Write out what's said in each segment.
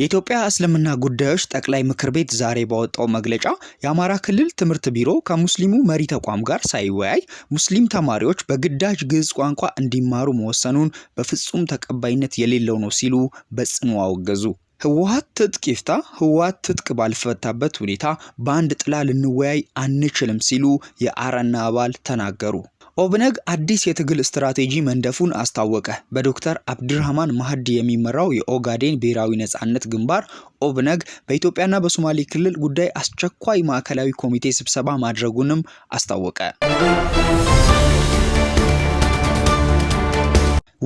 የኢትዮጵያ እስልምና ጉዳዮች ጠቅላይ ምክር ቤት ዛሬ ባወጣው መግለጫ የአማራ ክልል ትምህርት ቢሮ ከሙስሊሙ መሪ ተቋም ጋር ሳይወያይ ሙስሊም ተማሪዎች በግዳጅ ግዕዝ ቋንቋ እንዲማሩ መወሰኑን በፍጹም ተቀባይነት የሌለው ነው ሲሉ በጽኑ አወገዙ። ህወሀት ትጥቅ ይፍታ፣ ህወሀት ትጥቅ ባልፈታበት ሁኔታ በአንድ ጥላ ልንወያይ አንችልም ሲሉ የአረና አባል ተናገሩ። ኦብነግ አዲስ የትግል ስትራቴጂ መንደፉን አስታወቀ። በዶክተር አብድርሃማን ማህዲ የሚመራው የኦጋዴን ብሔራዊ ነጻነት ግንባር ኦብነግ በኢትዮጵያና በሶማሌ ክልል ጉዳይ አስቸኳይ ማዕከላዊ ኮሚቴ ስብሰባ ማድረጉንም አስታወቀ።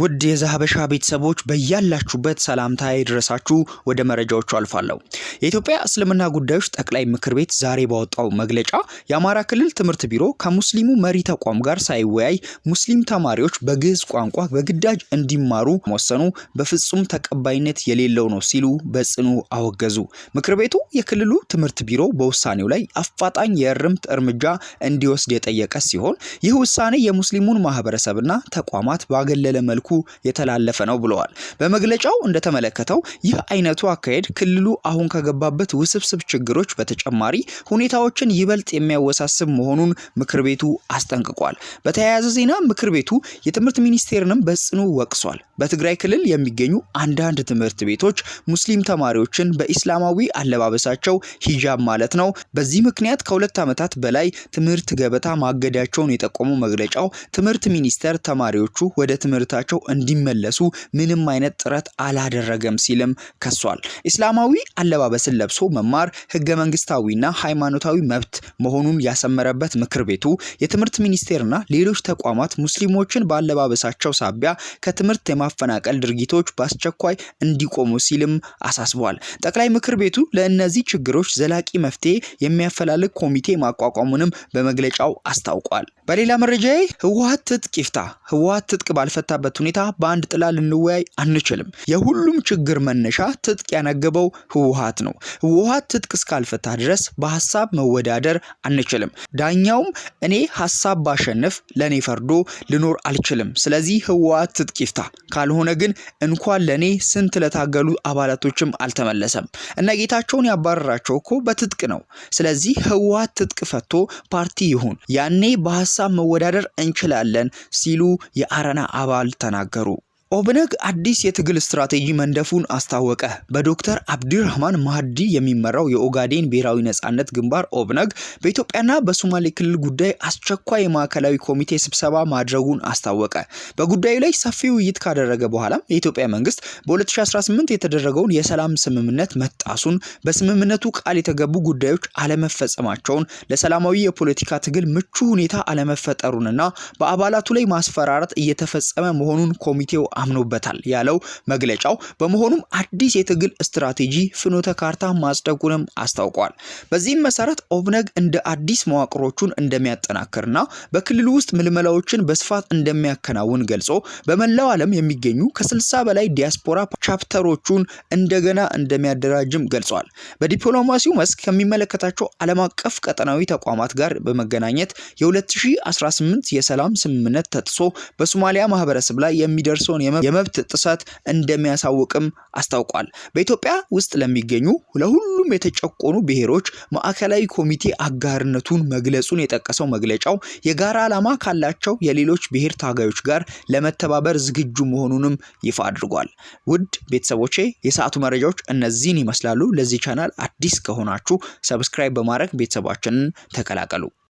ውድ የዛሀበሻ ቤተሰቦች በያላችሁበት ሰላምታ ይድረሳችሁ። ወደ መረጃዎቹ አልፋለሁ። የኢትዮጵያ እስልምና ጉዳዮች ጠቅላይ ምክር ቤት ዛሬ ባወጣው መግለጫ የአማራ ክልል ትምህርት ቢሮ ከሙስሊሙ መሪ ተቋም ጋር ሳይወያይ ሙስሊም ተማሪዎች በግዕዝ ቋንቋ በግዳጅ እንዲማሩ መወሰኑ በፍጹም ተቀባይነት የሌለው ነው ሲሉ በጽኑ አወገዙ። ምክር ቤቱ የክልሉ ትምህርት ቢሮ በውሳኔው ላይ አፋጣኝ የእርምት እርምጃ እንዲወስድ የጠየቀ ሲሆን ይህ ውሳኔ የሙስሊሙን ማህበረሰብና ተቋማት ባገለለ መልኩ የተላለፈ ነው ብለዋል። በመግለጫው እንደተመለከተው ይህ አይነቱ አካሄድ ክልሉ አሁን ከገባበት ውስብስብ ችግሮች በተጨማሪ ሁኔታዎችን ይበልጥ የሚያወሳስብ መሆኑን ምክር ቤቱ አስጠንቅቋል። በተያያዘ ዜና ምክር ቤቱ የትምህርት ሚኒስቴርንም በጽኑ ወቅሷል። በትግራይ ክልል የሚገኙ አንዳንድ ትምህርት ቤቶች ሙስሊም ተማሪዎችን በኢስላማዊ አለባበሳቸው ሂጃብ ማለት ነው በዚህ ምክንያት ከሁለት ዓመታት በላይ ትምህርት ገበታ ማገዳቸውን የጠቆሙ መግለጫው ትምህርት ሚኒስቴር ተማሪዎቹ ወደ ትምህርታቸው እንዲመለሱ ምንም አይነት ጥረት አላደረገም ሲልም ከሷል። እስላማዊ አለባበስን ለብሶ መማር ህገ መንግስታዊና ሃይማኖታዊ መብት መሆኑን ያሰመረበት ምክር ቤቱ የትምህርት ሚኒስቴርና ሌሎች ተቋማት ሙስሊሞችን በአለባበሳቸው ሳቢያ ከትምህርት የማፈናቀል ድርጊቶች በአስቸኳይ እንዲቆሙ ሲልም አሳስቧል። ጠቅላይ ምክር ቤቱ ለእነዚህ ችግሮች ዘላቂ መፍትሄ የሚያፈላልግ ኮሚቴ ማቋቋሙንም በመግለጫው አስታውቋል። በሌላ መረጃ ህወሀት ትጥቅ ይፍታ። ህወሀት ትጥቅ ባልፈታበት ሁኔታ በአንድ ጥላ ልንወያይ አንችልም። የሁሉም ችግር መነሻ ትጥቅ ያነገበው ህወሀት ነው። ህወሀት ትጥቅ እስካልፈታ ድረስ በሀሳብ መወዳደር አንችልም። ዳኛውም እኔ ሀሳብ ባሸንፍ ለእኔ ፈርዶ ልኖር አልችልም። ስለዚህ ህወሀት ትጥቅ ይፍታ፣ ካልሆነ ግን እንኳን ለእኔ ስንት ለታገሉ አባላቶችም አልተመለሰም። እነ ጌታቸውን ያባረራቸው እኮ በትጥቅ ነው። ስለዚህ ህወሀት ትጥቅ ፈቶ ፓርቲ ይሁን፣ ያኔ በሀሳብ መወዳደር እንችላለን ሲሉ የአረና አባል ተናገሩ። ኦብነግ አዲስ የትግል ስትራቴጂ መንደፉን አስታወቀ። በዶክተር አብዲራህማን ማህዲ የሚመራው የኦጋዴን ብሔራዊ ነጻነት ግንባር ኦብነግ በኢትዮጵያና በሶማሌ ክልል ጉዳይ አስቸኳይ የማዕከላዊ ኮሚቴ ስብሰባ ማድረጉን አስታወቀ። በጉዳዩ ላይ ሰፊ ውይይት ካደረገ በኋላም የኢትዮጵያ መንግስት በ2018 የተደረገውን የሰላም ስምምነት መጣሱን፣ በስምምነቱ ቃል የተገቡ ጉዳዮች አለመፈጸማቸውን፣ ለሰላማዊ የፖለቲካ ትግል ምቹ ሁኔታ አለመፈጠሩንና በአባላቱ ላይ ማስፈራራት እየተፈጸመ መሆኑን ኮሚቴው አምኖበታል ያለው መግለጫው። በመሆኑም አዲስ የትግል ስትራቴጂ ፍኖተ ካርታ ማጽደቁንም አስታውቋል። በዚህም መሰረት ኦብነግ እንደ አዲስ መዋቅሮቹን እንደሚያጠናክርና በክልሉ ውስጥ ምልመላዎችን በስፋት እንደሚያከናውን ገልጾ በመላው ዓለም የሚገኙ ከስልሳ በላይ ዲያስፖራ ቻፕተሮቹን እንደገና እንደሚያደራጅም ገልጿል። በዲፕሎማሲው መስክ ከሚመለከታቸው ዓለም አቀፍ ቀጠናዊ ተቋማት ጋር በመገናኘት የ2018 የሰላም ስምምነት ተጥሶ በሶማሊያ ማህበረሰብ ላይ የሚደርሰውን የመብት ጥሰት እንደሚያሳውቅም አስታውቋል። በኢትዮጵያ ውስጥ ለሚገኙ ለሁሉም የተጨቆኑ ብሔሮች ማዕከላዊ ኮሚቴ አጋርነቱን መግለጹን የጠቀሰው መግለጫው የጋራ ዓላማ ካላቸው የሌሎች ብሔር ታጋዮች ጋር ለመተባበር ዝግጁ መሆኑንም ይፋ አድርጓል። ውድ ቤተሰቦቼ የሰዓቱ መረጃዎች እነዚህን ይመስላሉ። ለዚህ ቻናል አዲስ ከሆናችሁ ሰብስክራይብ በማድረግ ቤተሰባችንን ተቀላቀሉ።